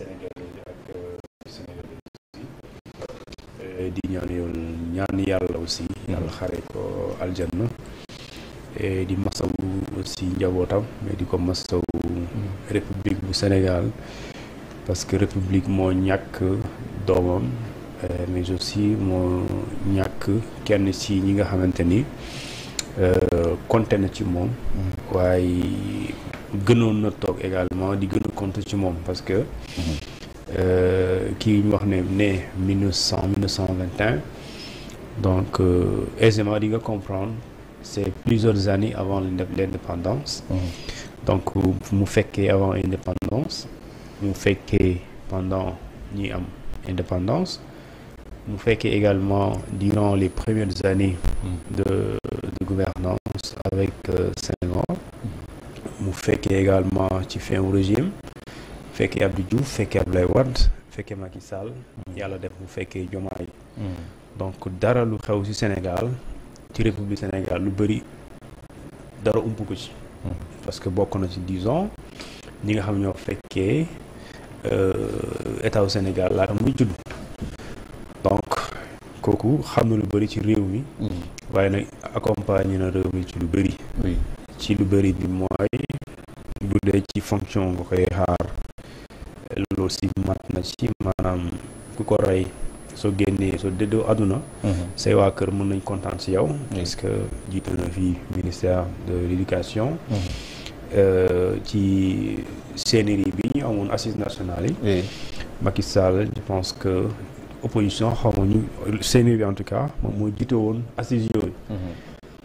Euh, euh, di ñaan yoon ñaan yàlla aussi yàlla xare ko aljanna di masawu aussi njabootam mais di ko masawu république bu Sénégal parce que république moo ñàkk doomam euh, mais aussi moo ñàkk kenn ci ñi nga xamante ni compté ci moom mm-hmm. waaye gënon na également di gëna contre compter ci parce que qui euh, ñu né 1900 1921 donc euh, aisément di comprendre c'est plusieurs années avant l'indépendance nous donc mu avant indépendance mu que pendant ni am indépendance mu également durant les premières années de, gouvernance avec saint euh, Senghor mu fekkee également fait un régime fekkee Abdou Diouf régime Wad, fait un régime def fait un régime donc dara xew ci Sénégal ci République Sénégal lu dara fait hmm. parce que fait na ci ans, nous nga xam ñoo euh, Sénégal la donc un régime lu fait ci mi hmm ci lu bi bu ci fonction si mat na ci maanaam ku ko rey génnee déddoo mhm. say waa kër mhm. que jiite na ministère de l'éducation mhm. euh, ci bi ñu assise nationale Macky je pense que opposition en tout cas moom jiite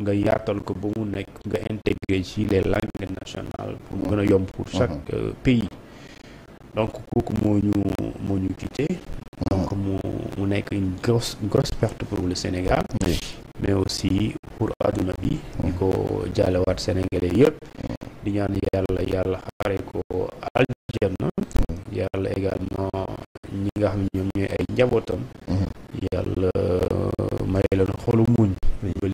nga yaatal ko ba mu nekk nga intégré ci les langues nationales pour mu gën a yomb pour chaque uh-huh. euh, pays donc kooku moo ñu moo ñu donc mu mu nekk une grosse une grosse perte pour le Sénégal mais aussi pour adduna bi di ko jaalewaat sénégalais yëpp di ñaan yàlla yàlla xare ko aljanna mm-hmm. yàlla également ñi nga xam ñoom ñooy ay njabootam mm-hmm. yàlla euh, may leen xolu muñ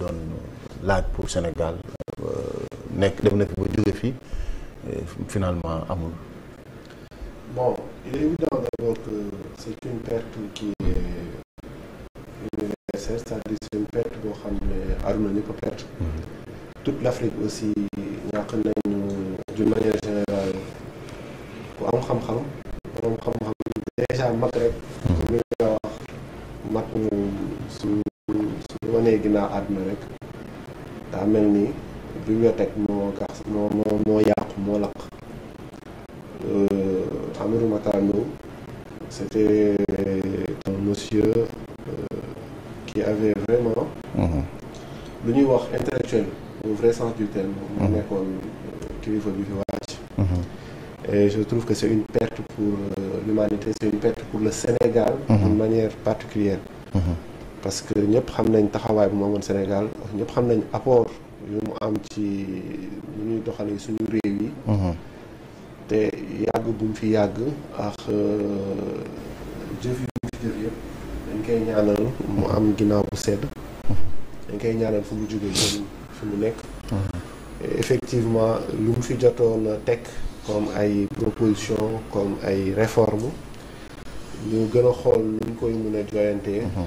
donne laaj pour le Sénégal euh, nekk dem na fi fi finalement amul. bon il est évident d'abord que c'est une perte qui est universelle c'est-à-dire c'est une perte boo xam ne àdduna ñëpp a perte. Mm-hmm. toute l'Afrique aussi ñàkk nañu d'une manière générale ku am xam-xam borom xam-xam déjà mag rek. comme li nga wanee ginnaaw àdduna rek daa mel ni bibliothèque mon garçon mon mon moo mon lac laq c'était ton monsieur euh, qui avait vraiment mm-hmm. le niveau wax intellectuel au vrai sens du terme mu mm-hmm. nekkoon kilifa bi fi -hmm. et je trouve que c'est une perte pour euh, l'humanité c'est une perte pour le Sénégal d'une mm-hmm. manière particulière parce que ñëpp xam nañ taxawaay bu mu amoon Sénégal ñëpp xam nañ apport yu mu am ci lu ñuy doxalee suñu réew yi. Mhm. te yàgg bu mu fi yàgg ak euh, jëf yu mu fi jëf yëpp am ginnaaw bu sedd. dañ koy ñaanal fu mu jógee fi mu nekk. Mhm. effectivement lu mu fi jotoon teg comme ay proposition comme ay réformes ñu gën a xool luñ koy mën joyantee. Mhm.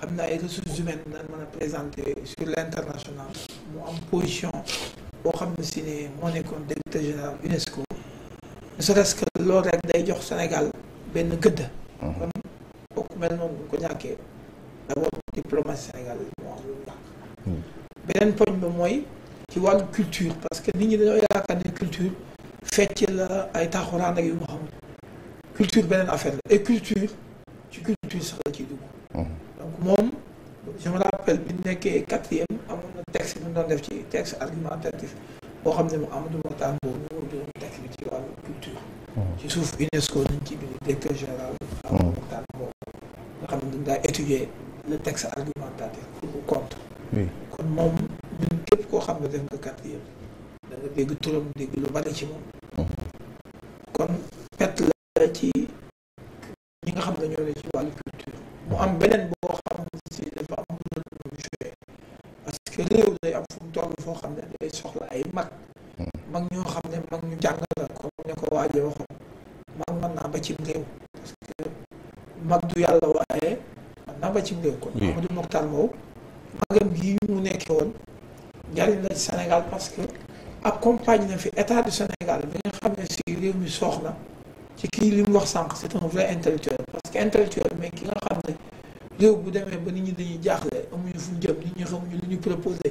xam naa ay ressources humaines nan mën a présenter sur l'international, international am position boo xam ne si ne moo directeur général UNESCO ne serait-ce que loolu rek day jox Sénégal benn gëdd mhm. kon kooku mel noonu bu ko ñàkkee d' diplomatie Sénégal moo am lu ñàkk mhm. beneen poñ ci wàllu culture parce que nit ñi dañoo yaakaar culture fecc la ay taaxuraan ak yu ma culture beneen affaire et culture tu culture sax la ciy dugg mhm. moom je me rappelle bi nekkee quatrième amoon na texte bu ñu doon def ci texte argumentatif boo xam ne mu Amadou Mahtar Mbow ñu war doon texte bi ci wàllu culture. Hmm. ci suuf UNESCO nañ ci bind directeur général Amadou hmm. Mahtar Mbow nga xam ne dañ daa étudier le texte argumentatif pour mu compte. kon moom ñun képp koo xam ne def nga quatrième da dégg turam dégg lu bari ci moom. Hmm. kon toll foo xam ne day soxla ay mag hmm. mag ñoo xam ne mag ñu jàng la comme ne ko waaje waxoon mag mën naa ba ci réew parce que mag du yàlla waaye mën naa ba ci réew kon Amadou Mokhtar Mbow magam gi mu nekkee woon njariñ la ci Sénégal parce que ak accompagne na fi état du Sénégal bi nga xam ne si réew mi soox na ci kii li mu wax sànq c'est un vrai intellectuel parce que intellectuel mais ki nga xam ne réew bu demee ba nit ñi dañuy jaaxle amuñu fu jëm nit ñi xamuñu lu ñu proposé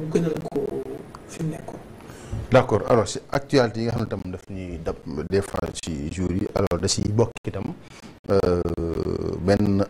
mu gënal ko fi mu nekkoon. accord alors si actualité yi nga xam ne tam def ñuy dab des fois ci jour yi alors da ciy bokk itam euh, benn